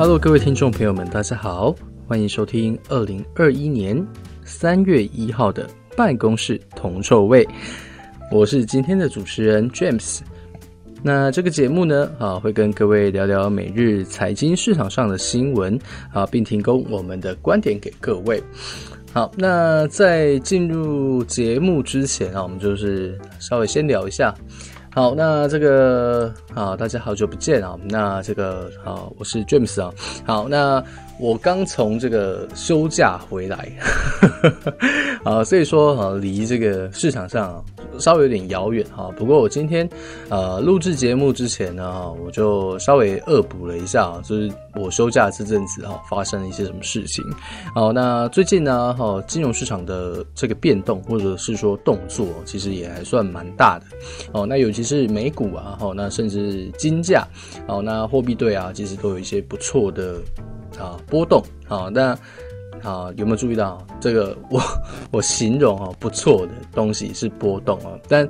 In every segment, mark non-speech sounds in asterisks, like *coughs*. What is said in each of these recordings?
Hello，各位聽眾朋友們，大家好，歡迎收聽二零二一年三月一號的辦公室銅臭味，我是今天的主持人 James。那這個節目呢，啊，會跟各位聊聊每日財經市場上的新聞啊，並提供我們的觀點給各位。好，那在進入節目之前啊，我們就是稍微先聊一下。好，那這個好，大家好久不見啊。那這個好，我是 James 啊。好，那。我剛從這個休假回來，啊， *laughs* 所以說哈離這個市場上稍微有點遙遠哈。不過我今天呃錄製節目之前呢，我就稍微惡補了一下，就是我休假這陣子哈發生了一些什麼事情。哦，那最近呢，哈，金融市場的這個變動或者是說動作，其實也還算蠻大的。哦，那尤其是美股啊，哈，那甚至金價，哦，那貨幣對啊，其實都有一些不錯的。啊，波動啊，那啊有沒有注意到這個我，我我形容啊不錯的東西是波動啊，但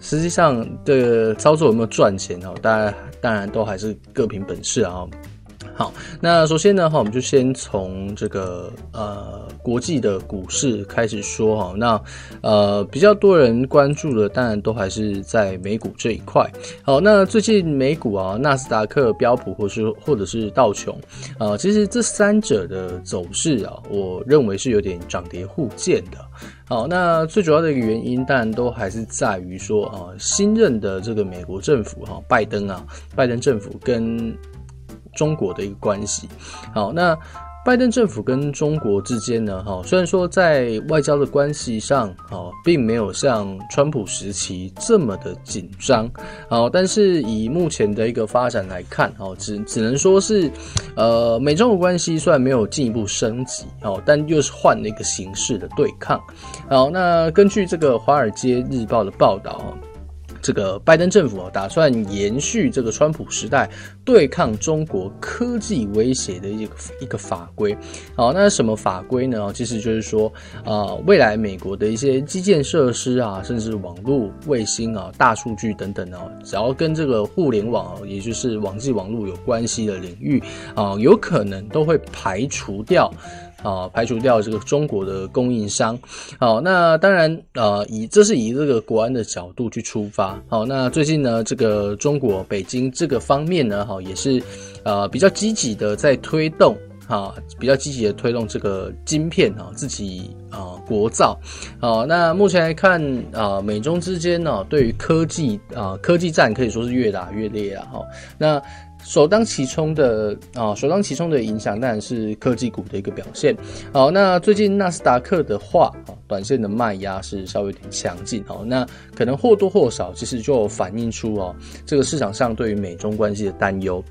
實際上這個操作有沒有賺錢啊？大家當然都還是各憑本事啊。好，那首先呢，哈，我們就先從這個呃國際的股市開始說哈。那呃比較多人關注的，當然都還是在美股這一塊。好，那最近美股啊，納斯達克、標普，或是或者是道瓊啊，其實這三者的走勢啊，我認為是有點漲跌互見的。好，那最主要的一個原因，當然都還是在於說啊，新任的這個美國政府哈，啊，拜登啊，拜登政府跟。中國的一個關係，好，那拜登政府跟中國之間呢，哈，雖然說在外交的關係上，哈，並沒有像川普時期這麼的緊張，好，但是以目前的一個發展來看，哦，只只能說是，呃，美中的關係雖然沒有進一步升級，哦，但又是換了一個形式的對抗，好，那根據這個《華爾街日報》的報道。這個拜登政府啊，打算延續這個川普時代對抗中國科技威脅的一個一個法規、啊。法規啊。那什麼法規呢？其實就是說，啊，未來美國的一些基建設施啊，甚至網絡、衛星啊、大數據等等啊，只要跟這個互聯網啊，也就是網際網絡有關係的領域啊，有可能都會排除掉。啊，排除掉這個中國的供應商，好，那當然，呃，以這是以這個國安的角度去出發，好，那最近呢，這個中國北京這個方面呢，哈，也是呃比較積極的在推動，哈、啊，比較積極的推動這個晶片啊自己啊、呃、國造，好，那目前來看啊、呃，美中之間呢、呃，對於科技啊、呃、科技戰可以說是越打越烈啊，好，那。首當其衝的啊、哦，首當其衝的影響當然是科技股的一個表現。好，那最近納斯達克的話，短線的賣壓是稍微有點強勁。好，那可能或多或少其實就反映出哦，這個市場上對於美中關係的擔憂。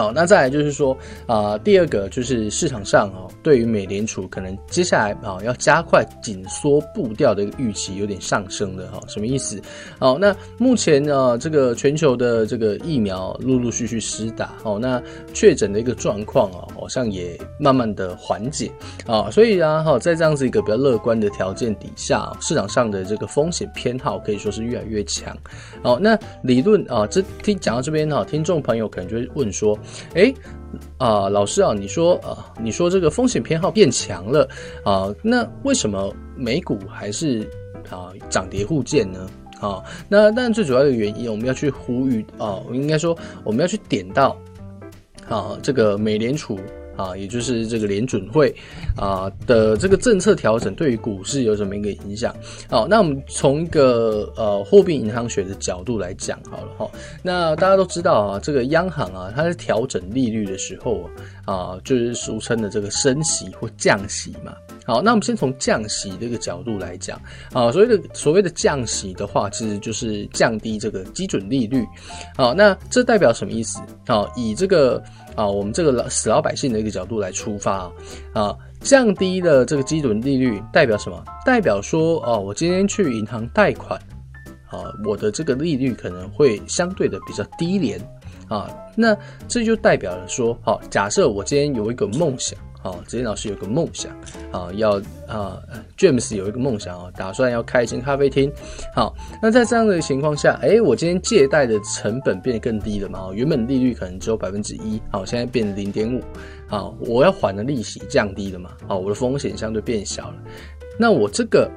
好，那再來就是說，啊、呃，第二個就是市場上啊、喔，對於美聯儲可能接下來啊、喔、要加快緊縮步調的一個預期有點上升了哈、喔，什麼意思？好，那目前呢、喔，這個全球的這個疫苗陸、喔、陸續續施打、喔，好，那確診的一個狀況啊，好像也慢慢的緩解啊、喔，所以啊、喔，哈，在這樣子一個比較樂觀的條件底下、喔，市場上的這個風險偏好可以說是越來越強。哦，那理論啊、喔，這聽講到這邊哈、喔，聽眾朋友可能就會問說。哎，啊、欸呃，老師啊，你說啊、呃，你說這個風險偏好變強了啊、呃，那為什麼美股還是啊漲、呃、跌互見呢？啊、呃，那但最主要的原因，我們要去呼籲啊、呃，應該說我們要去點到啊、呃，這個美聯儲。啊，也就是這個聯準會啊的這個政策調整，對於股市有什麼一個影響？好、啊，那我們從一個呃貨幣銀行學的角度來講好了哈、啊。那大家都知道啊，這個央行啊，它在調整利率的時候啊，啊就是俗稱的這個升息或降息嘛。好，那我們先從降息這個角度來講啊，所謂的所謂的降息的話，其實就是降低這個基準利率。好，啊，那這代表什麼意思？啊，以這個啊，我們這個老死老百姓的一個角度來出發啊，降低了這個基準利率，代表什麼？代表說啊，我今天去銀行貸款啊，我的這個利率可能會相對的比較低廉啊。那這就代表了說，好，啊，假設我今天有一個夢想。好，職業、哦、老師有個夢想，啊、哦，要啊、呃、，James 有一個夢想啊、哦，打算要開一間咖啡廳。好、哦，那在這樣的情況下，誒、欸，我今天借貸的成本變得更低了嘛？哦，原本利率可能只有百分之一，好、哦，現在變零點五，好、哦，我要還的利息降低了嘛？好、哦，我的風險相對變小了，那我這個。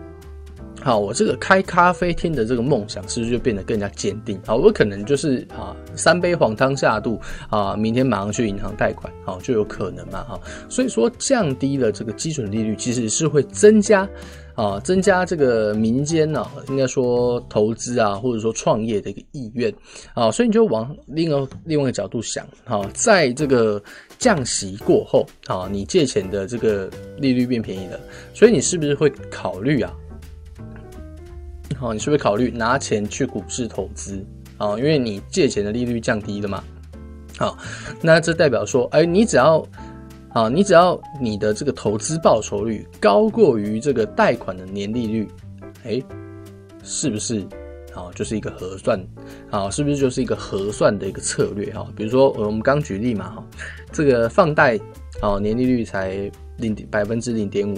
好，我這個開咖啡廳的這個夢想是不是就變得更加堅定？啊，我可能就是啊，三杯黃湯下肚啊，明天馬上去銀行貸款，好，就有可能嘛，哈、啊。所以說，降低了這個基準利率，其實是會增加啊，增加這個民間呢、啊，應該說投資啊，或者說創業的一個意願啊。所以你就往另外另外一個角度想，哈、啊，在這個降息過後啊，你借錢的這個利率變便宜了，所以你是不是會考慮啊？哦，你是不是考慮拿錢去股市投資啊、哦？因為你借錢的利率降低了嘛。好、哦，那這代表說，哎、欸，你只要，好、哦，你只要你的這個投資報酬率高過於這個貸款的年利率，哎、欸，是不是？啊、哦，就是一個核算啊、哦，是不是就是一個核算的一個策略啊、哦？比如說，呃，我們剛舉例嘛，哈、哦，這個放貸啊、哦，年利率才零百分之零點五。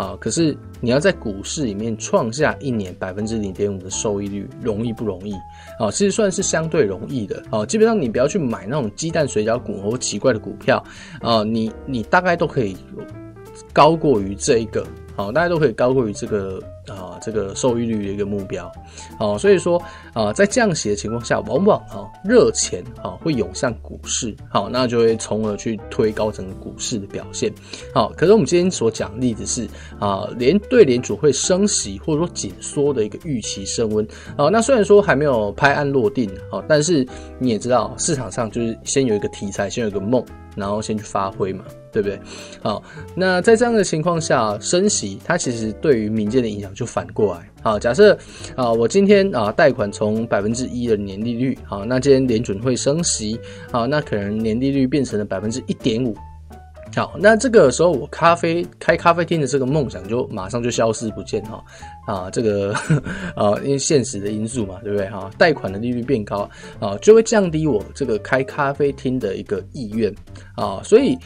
啊，可是你要在股市裡面創下一年百分之零點五的收益率，容易不容易？啊，其實算是相對容易的。啊，基本上你不要去買那種雞蛋水餃股或奇怪的股票，啊，你你大概都可以高過於這一個，好、啊，大概都可以高過於這個。啊、呃，這個收益率的一個目標，好、哦，所以說啊、呃，在降息的情況下，往往啊熱、哦、錢啊、哦、會湧向股市，好，那就會從而去推高整個股市的表現，好，可是我們今天所講的例子是啊，聯對聯儲會升息或者說緊縮的一個預期升溫，啊、哦，那雖然說還沒有拍案落定，好、哦，但是你也知道市場上就是先有一個題材，先有一個夢。然後先去發揮嘛，對不對？好，那在這樣的情況下，升息它其實對於民間的影響就反過來。好，假設啊，我今天啊貸款從百分之一的年利率，啊，那今天聯準會升息，啊，那可能年利率變成了百分之一點五。好，那這個時候我咖啡開咖啡廳的這個夢想就馬上就消失不見哈、哦，啊，這個啊，因為現實的因素嘛，對不對哈？啊、貸款的利率變高啊，就會降低我這個開咖啡廳的一個意願啊，所以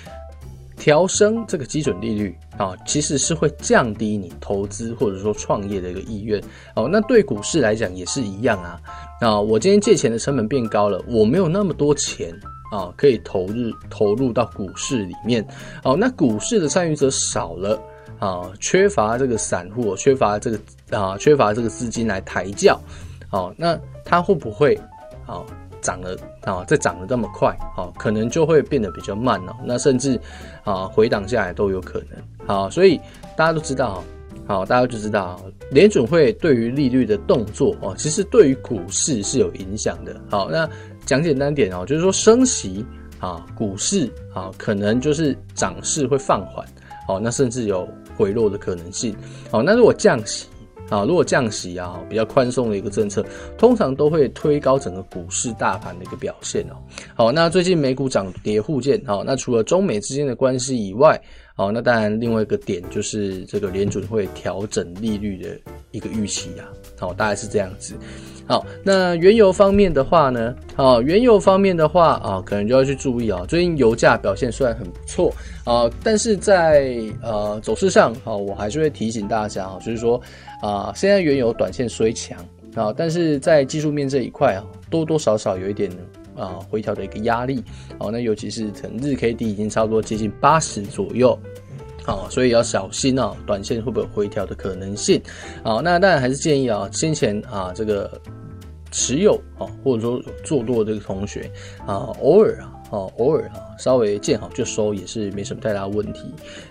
調升這個基準利率啊，其實是會降低你投資或者說創業的一個意願哦、啊。那對股市來講也是一樣啊，啊，我今天借錢的成本變高了，我沒有那麼多錢。啊，可以投入投入到股市裡面，啊、那股市的參與者少了啊，缺乏這個散戶，缺乏這個啊，缺乏這個資金來抬轎，好、啊，那它會不會啊漲得啊再漲得那麼快？好、啊，可能就會變得比較慢、啊、那甚至啊回檔下來都有可能。好、啊，所以大家都知道，好、啊，大家就知道，聯、啊啊、準會對於利率的動作，哦、啊，其實對於股市是有影響的。好、啊，那。講簡單點哦，就是說升息啊，股市啊，可能就是漲勢會放緩，那甚至有回落的可能性，那如果降息啊，如果降息啊，比較寬鬆的一個政策，通常都會推高整個股市大盤的一個表現哦，好，那最近美股漲跌互見，那除了中美之間的關係以外，那當然另外一個點就是這個聯準會調整利率的一個預期啊。好，大概是這樣子。好，那原油方面的話呢？好，原油方面的話啊，可能就要去注意啊。最近油價表現雖然很不錯啊，但是在呃走勢上啊，我還是會提醒大家啊，就是說啊，現在原油短線雖強啊，但是在技術面這一塊啊，多多少少有一點啊回調的一個壓力。好，那尤其是成日 KD 已經差不多接近八十左右。好，所以要小心啊，短線會不會有回調的可能性？好，那當然還是建議啊，先前啊這個持有啊或者說做多的這個同學啊，偶爾啊。哦，偶爾哈，稍微見好就收也是沒什麼太大問題。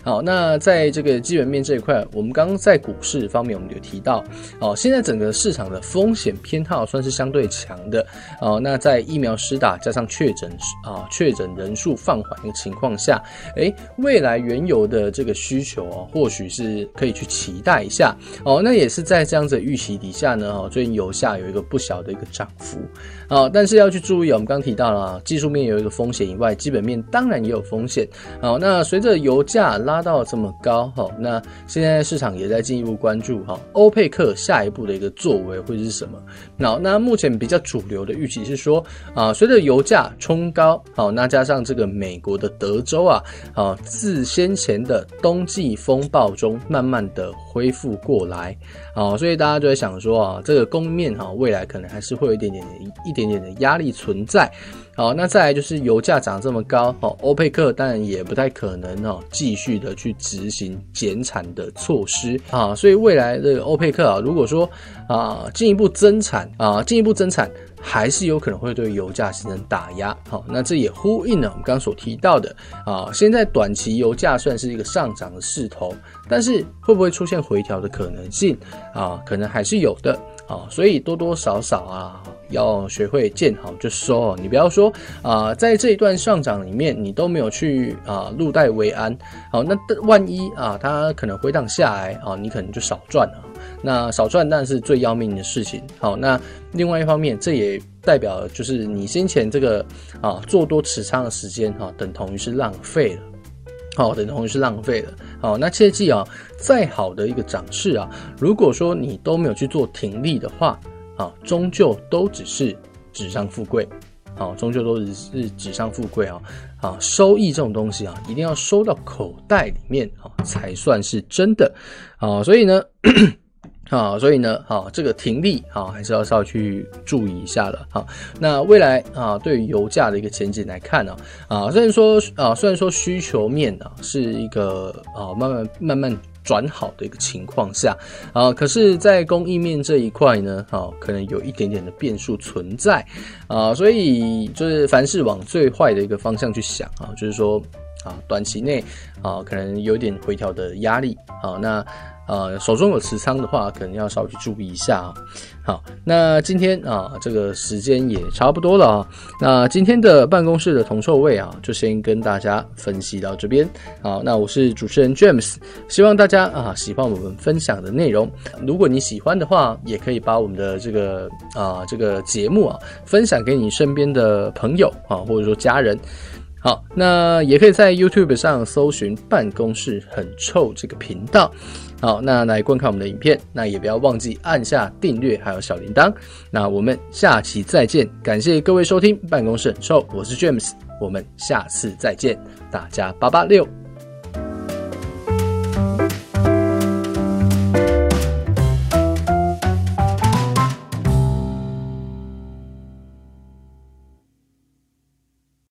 好，那在這個基本面這一塊，我們剛剛在股市方面，我們有提到哦，現在整個市場的風險偏好算是相對強的哦。那在疫苗施打加上確診啊，確診人數放緩的情況下，欸，未來原油的這個需求哦，或許是可以去期待一下哦。那也是在這樣子預期底下呢，哦，最近油價有一個不小的一個漲幅。但是要去注意，我們剛提到了，技術面有一個風。風險以外，基本面當然也有風險。好，那隨着油價拉到這麼高，好，那現在市場也在進一步關注哈，歐佩克下一步的一個作為會是什麼？那那目前比較主流的預期是說啊，隨着油價衝高，好，那加上這個美國的德州啊，好，自先前的冬季風暴中慢慢的恢復過來，好，所以大家就在想說啊，這個供面哈，未來可能還是會有一點點、一點點的壓力存在。好，那再來就是油價漲這麼高，哦，歐佩克當然也不太可能哦，繼續的去執行減產的措施啊，所以未來的歐佩克啊，如果說啊進一步增產啊進一步增產，啊、增產還是有可能會對油價形成打壓。好，那這也呼應了我們剛剛所提到的啊，現在短期油價算是一個上漲的勢頭，但是會不會出現回調的可能性啊，可能還是有的。好，所以多多少少啊，要學會見好就收，就是說，你不要說啊，在這一段上漲裡面，你都沒有去啊，入袋為安。好，那萬一啊，它可能回檔下來啊，你可能就少賺了。那少賺，那是最要命的事情。好，那另外一方面，這也代表就是你先前這個啊，做多持倉的時間哈，啊，等同於是浪費了。好，等同於是浪費了。好，那切記啊、哦，再好的一個漲勢啊，如果說你都沒有去做停利的話，啊，終究都只是紙上富貴。好，終究都只是紙上富貴啊。啊，收益這種東西啊，一定要收到口袋裡面啊，才算是真的。啊，所以呢。 *coughs* 啊，所以呢，啊，這個停利啊，還是要稍微去注意一下的。好、啊，那未來啊，對於油價的一個前景來看呢、啊，啊，雖然說啊，雖然說需求面啊是一個啊慢慢慢慢轉好的一個情況下啊，可是，在供應面這一塊呢，啊，可能有一點點的變數存在啊，所以就是凡事往最壞的一個方向去想啊，就是說啊，短期內啊，可能有點回調的壓力啊，那。呃、啊，手中有持倉的話，可能要稍微去注意一下啊。好，那今天啊，這個時間也差不多了啊。那今天的辦公室的銅臭味啊，就先跟大家分析到這邊。好，那我是主持人 James，希望大家啊喜歡我們分享的內容。如果你喜歡的話，也可以把我們的這個啊這個節目啊分享給你身邊的朋友啊，或者說家人。好，那也可以在 YouTube 上搜尋“辦公室很臭”這個頻道。好，那來觀看我們的影片，那也不要忘記按下訂閱還有小鈴鐺。那我們下期再見，感謝各位收聽“辦公室很臭”，我是 James，我們下次再見，大家八八六。